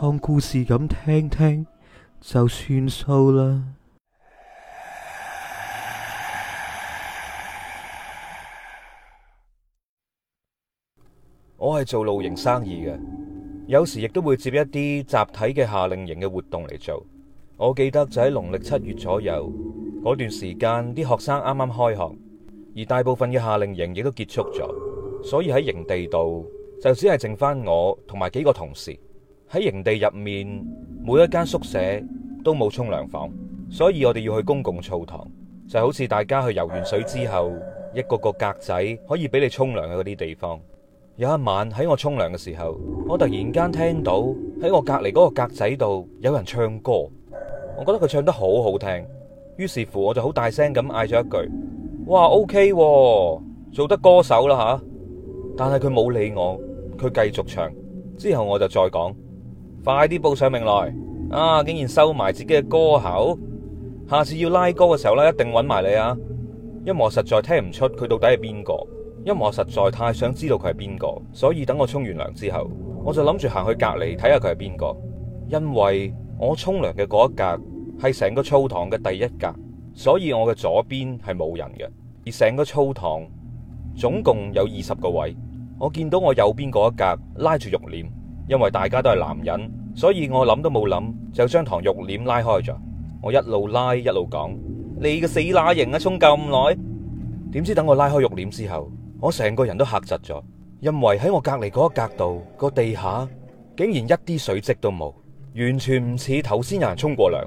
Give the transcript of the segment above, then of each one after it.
當故事咁聽聽就算數啦。我係做露營生意嘅，有時亦都會接一啲集體嘅夏令營嘅活動嚟做。我記得就喺農曆七月左右嗰段時間，啲學生啱啱開學，而大部分嘅夏令營亦都結束咗，所以喺營地度就只係剩翻我同埋幾個同事。喺營地入面，每一間宿舍都冇沖涼房，所以我哋要去公共澡堂，就好似大家去游完水之後，一個個格仔可以俾你沖涼嘅嗰啲地方。有一晚喺我沖涼嘅時候，我突然間聽到喺我隔籬嗰個格仔度有人唱歌，我覺得佢唱得好好聽，於是乎我就好大聲咁嗌咗一句：哇，OK，啊，做得歌手啦吓，啊！但係佢冇理我，佢繼續唱。之後我就再講。快啲報上名來！啊，竟然收埋自己嘅歌喉，下次要拉歌嘅時候啦，一定揾埋你啊！因為我實在聽唔出佢到底係邊個，因為我實在太想知道佢係邊個，所以等我沖完涼之後，我就諗住行去隔籬睇下佢係邊個，因為我沖涼嘅嗰一格係成個澡堂嘅第一格，所以我嘅左邊係冇人嘅，而成個澡堂總共有二十個位，我見到我右邊嗰一格拉住浴簾。因為大家都係男人，所以我諗都冇諗就將堂浴簾拉開咗。我一路拉一路講：你個死乸型啊，沖咁耐！點知等我拉開浴簾之後，我成個人都嚇窒咗。因為喺我隔籬嗰一格度，個地下竟然一啲水迹都冇，完全唔似頭先有人沖過涼。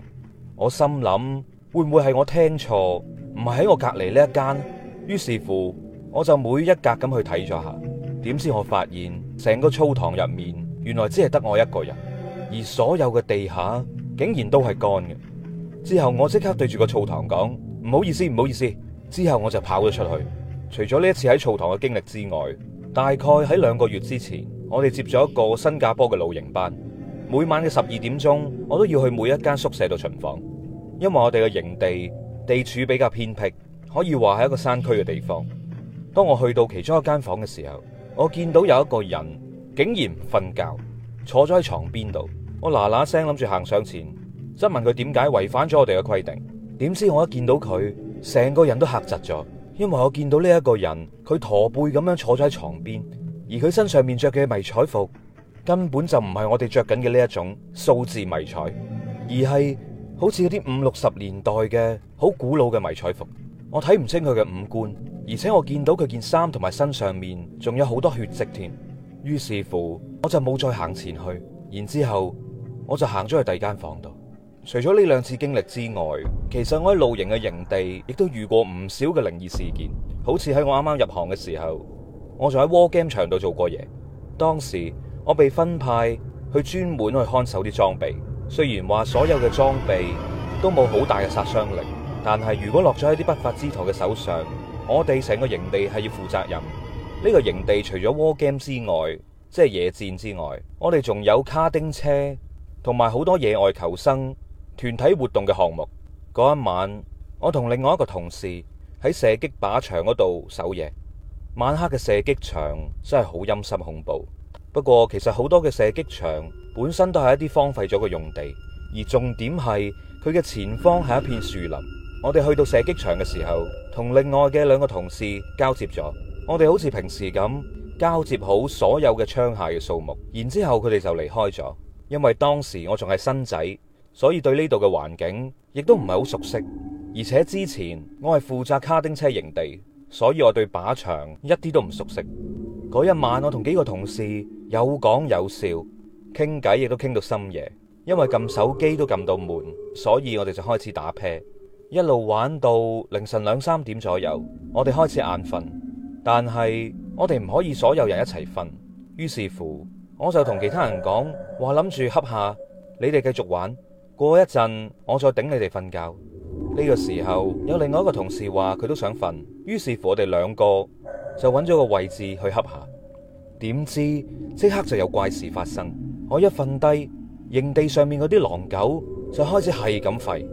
我心諗會唔會係我聽錯？唔係喺我隔籬呢一間？於是乎我就每一格咁去睇咗下。點知我發現成個澡堂入面。原來只係得我一個人，而所有嘅地下竟然都係乾嘅。之後我即刻對住個澡堂講：唔好意思，唔好意思。之後我就跑咗出去。除咗呢一次喺澡堂嘅經歷之外，大概喺兩個月之前，我哋接咗一個新加坡嘅露營班。每晚嘅十二點鐘，我都要去每一間宿舍度巡房，因為我哋嘅營地地處比較偏僻，可以話係一個山區嘅地方。當我去到其中一間房嘅時候，我見到有一個人，竟然唔瞓覺，坐咗喺床邊度。我嗱嗱聲諗住行上前，質問佢點解違反咗我哋嘅規定。點知我一見到佢，成個人都嚇窒咗，因為我見到呢一個人，佢駝背咁樣坐咗喺床邊，而佢身上面着嘅迷彩服根本就唔係我哋着緊嘅呢一種數字迷彩，而係好似啲五六十年代嘅好古老嘅迷彩服。我睇唔清佢嘅五官，而且我見到佢件衫同埋身上面仲有好多血跡添。於是乎，我就冇再行前去。然之後，我就行咗去第二間房度。除咗呢兩次經歷之外，其實我喺露營嘅營地亦都遇過唔少嘅靈異事件。好似喺我啱啱入行嘅時候，我仲喺 War Game 場度做過嘢。當時我被分派去專門去看守啲裝備。雖然話所有嘅裝備都冇好大嘅殺傷力，但係如果落咗喺啲不法之徒嘅手上，我哋成個營地係要負責任。呢個營地除咗 war game 之外，即係野戰之外，我哋仲有卡丁車同埋好多野外求生團體活動嘅項目。嗰一晚，我同另外一個同事喺射擊靶場嗰度守夜。晚黑嘅射擊場真係好陰森恐怖。不過其實好多嘅射擊場本身都係一啲荒廢咗嘅用地，而重點係佢嘅前方係一片樹林。我哋去到射擊場嘅時候，同另外嘅兩個同事交接咗。我哋好似平時咁交接好所有嘅槍械嘅數目，然之後佢哋就離開咗。因為當時我仲係新仔，所以對呢度嘅環境亦都唔係好熟悉。而且之前我係負責卡丁車營地，所以我對靶場一啲都唔熟悉。嗰一晚我同幾個同事有講有笑傾偈，亦都傾到深夜。因為撳手機都撳到悶，所以我哋就開始打啤。一路玩到凌晨兩三點左右，我哋開始眼瞓。但係我哋唔可以所有人一齊瞓，於是乎我就同其他人講，話諗住瞌下，你哋繼續玩，過一陣我再頂你哋瞓覺。呢個時候有另外一個同事話佢都想瞓，於是乎我哋兩個就揾咗個位置去瞌下。點知即刻就有怪事發生，我一瞓低營地上面嗰啲狼狗就開始係咁吠，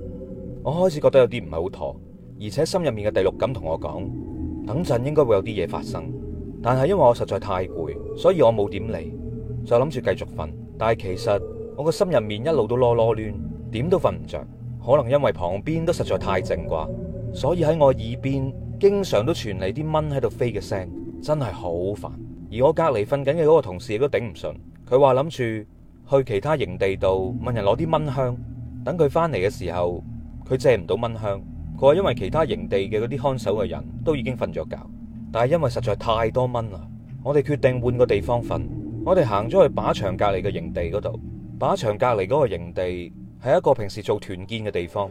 我開始覺得有啲唔係好妥，而且心入面嘅第六感同我講，等陣應該會有啲嘢發生，但係因為我實在太攰，所以我冇點嚟，就諗住繼續瞓。但係其實我個心入面一路都囉囉攣，點都瞓唔着。可能因為旁邊都實在太靜啩，所以喺我耳邊經常都傳嚟啲蚊喺度飛嘅聲，真係好煩。而我隔籬瞓緊嘅嗰個同事亦都頂唔順，佢話諗住去其他營地度問人攞啲蚊香，等佢翻嚟嘅時候，佢借唔到蚊香。佢話：因為其他營地嘅嗰啲看守嘅人都已經瞓咗覺，但係因為實在太多蚊啦，我哋決定換個地方瞓。我哋行咗去靶場隔離嘅營地嗰度，靶場隔離嗰個營地係一個平時做團建嘅地方。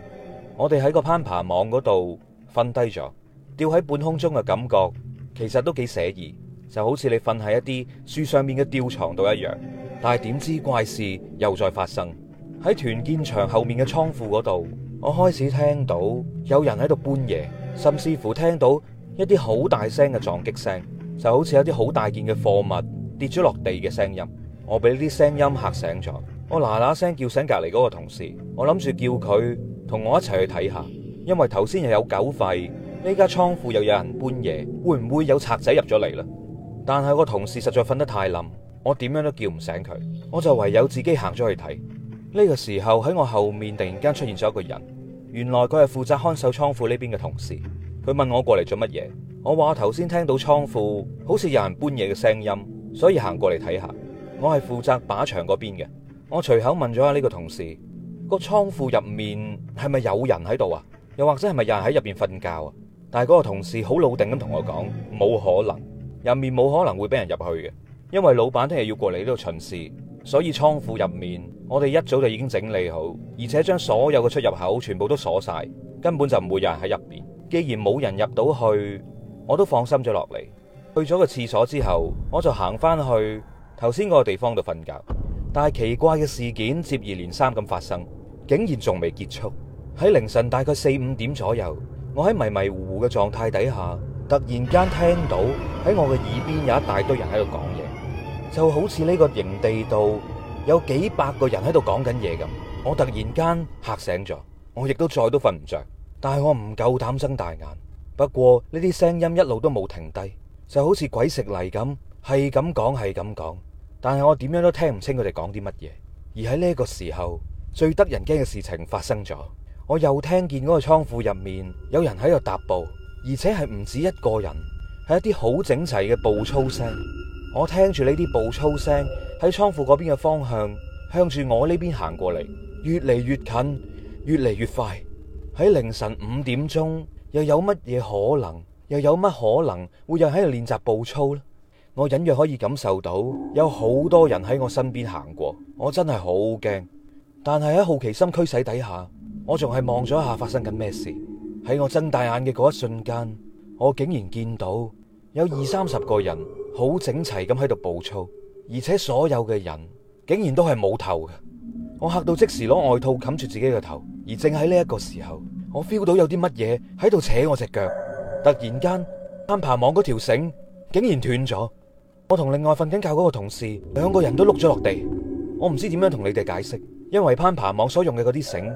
我哋喺個攀爬網嗰度瞓低咗，吊喺半空中嘅感覺其實都幾寫意，就好似你瞓喺一啲樹上面嘅吊床度一樣。但係點知怪事又再發生喺團建場後面嘅倉庫嗰度。我開始聽到有人喺度搬嘢，甚至乎聽到一啲好大聲嘅撞擊聲，就好似有啲好大件嘅貨物跌咗落地嘅聲音。我俾呢啲聲音嚇醒咗，我嗱嗱聲叫醒隔籬嗰個同事，我諗住叫佢同我一齊去睇下，因為頭先又有狗吠，呢家倉庫又有人搬嘢，會唔會有賊仔入咗嚟呢？但係個同事實在瞓得太冧，我點樣都叫唔醒佢，我就唯有自己行咗去睇。呢個時候喺我後面突然間出現咗一個人，原來佢係負責看守倉庫呢邊嘅同事。佢問我過嚟做乜嘢，我話頭先聽到倉庫好似有人搬嘢嘅聲音，所以行過嚟睇下。我係負責靶場嗰邊嘅，我隨口問咗下呢個同事，個倉庫入面係咪有人喺度啊？又或者係咪有人喺入面瞓覺啊？但係嗰個同事好老定咁同我講，冇可能，入面冇可能會俾人入去嘅，因為老闆聽日要過嚟呢度巡視。所以倉庫入面，我哋一早就已經整理好，而且將所有嘅出入口全部都鎖晒，根本就唔會有人喺入邊。既然冇人入到去，我都放心咗落嚟。去咗個廁所之後，我就行翻去頭先嗰個地方度瞓覺。但係奇怪嘅事件接二連三咁發生，竟然仲未結束。喺凌晨大概四五點左右，我喺迷迷糊糊嘅狀態底下，突然間聽到喺我嘅耳邊有一大堆人喺度講嘢。就好似呢個營地度有幾百個人喺度講緊嘢咁，我突然間嚇醒咗，我亦都再都瞓唔着，但係我唔夠膽睜大眼。不過呢啲聲音一路都冇停低，就好似鬼食泥咁，係咁講係咁講，但係我點樣都聽唔清佢哋講啲乜嘢。而喺呢個時候，最得人驚嘅事情發生咗，我又聽見嗰個倉庫入面有人喺度踏步，而且係唔止一個人，係一啲好整齊嘅步操聲。我聽住呢啲步操聲喺倉庫嗰邊嘅方向，向住我呢邊行過嚟，越嚟越近，越嚟越快。喺凌晨五點鐘，又有乜嘢可能？又有乜可能會有人喺度練習步操呢？我隱約可以感受到有好多人喺我身邊行過，我真係好驚。但係喺好奇心驅使底下，我仲係望咗一下發生緊咩事。喺我睜大眼嘅嗰一瞬間，我竟然見到有二三十個人。好整齊咁喺度暴躁，而且所有嘅人竟然都係冇頭嘅，我嚇到即時攞外套冚住自己個頭。而正喺呢一個時候，我 feel 到有啲乜嘢喺度扯我隻腳。突然間，攀爬網嗰條繩竟然斷咗，我同另外瞓緊覺嗰個同事兩個人都碌咗落地。我唔知點樣同你哋解釋，因為攀爬網所用嘅嗰啲繩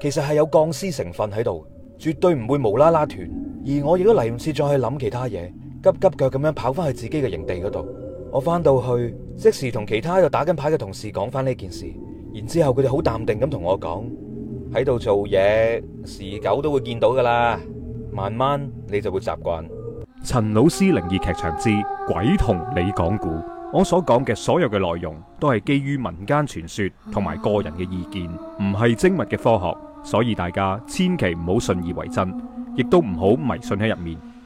其實係有鋼絲成分喺度，絕對唔會無啦啦斷。而我亦都嚟唔切再去諗其他嘢。急急腳咁樣跑翻去自己嘅營地嗰度，我翻到去即時同其他個打緊牌嘅同事講翻呢件事，然之後佢哋好淡定咁同我講喺度做嘢，時久都會見到噶啦，慢慢你就會習慣。陳老師靈異劇場之「鬼同你講古」，我所講嘅所有嘅內容都係基於民間傳說同埋個人嘅意見，唔係精密嘅科學，所以大家千祈唔好信以為真，亦都唔好迷信喺入面。